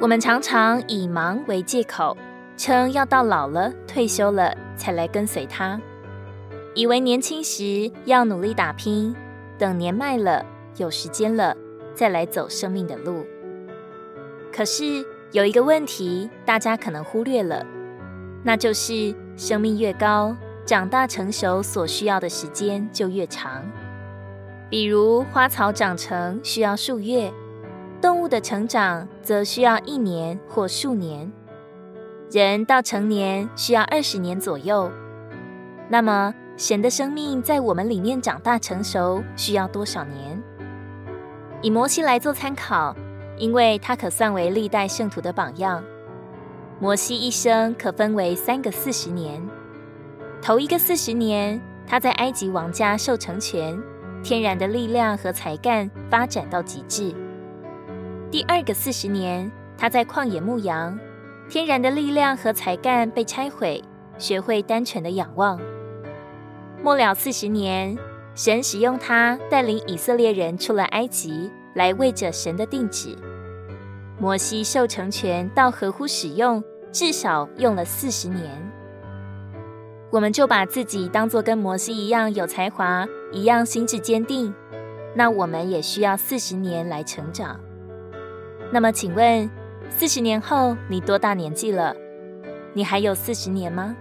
我們常常以忙為借口，稱要到老了、退休了才來跟隨他，以為年輕時要努力打拼，等年邁了、有時間了再來走生命的路。可是有一個問題，大家可能忽略了，那就是生命越高，長大成熟所需要的時間就越長。比如花草長成需要數月。動物的成長則需要一年或數年，人到成年需要二十年左右。那麼，神的生命在我們裡面長大成熟需要多少年？以摩西來做參考，因為他可算為歷代聖徒的榜樣。摩西一生可分為三個四十年，頭一個四十年，他在埃及王家受成全，天然的力量和才幹發展到極致。第二個四十年，他在曠野牧羊，天然的力量和才幹被拆毀，學會單純的仰望。末了四十年，神使用他帶領以色列人出了埃及，來為着神的定旨。摩西受成全，到合乎使用，至少用了四十年。我們就把自己當做跟摩西一樣有才華，一樣心智堅定，那我們也需要四十年來成長。那麼，請問，四十年後你多大年紀了？你還有四十年嗎？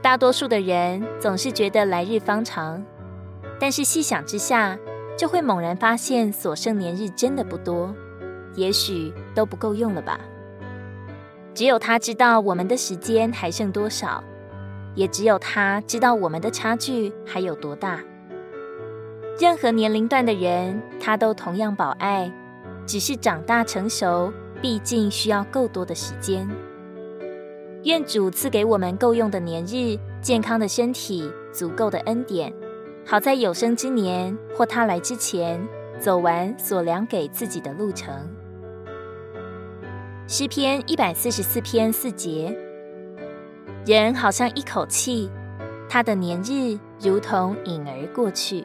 大多數的人總是覺得來日方長，但是細想之下，就會猛然發現所剩年日真的不多，也許都不夠用了吧。只有他知道我們的時間還剩多少，也只有他知道我們的差距還有多大。任何年齡段的人，他都同樣寶愛。只是長大成熟，畢竟需要夠多的時間。願主賜給我們夠用的年日、健康的身體、足夠的恩典，好在有生之年或他來之前，走完所量給自己的路程。詩篇一百四十四篇四節，人好像一口氣，他的年日如同影兒過去。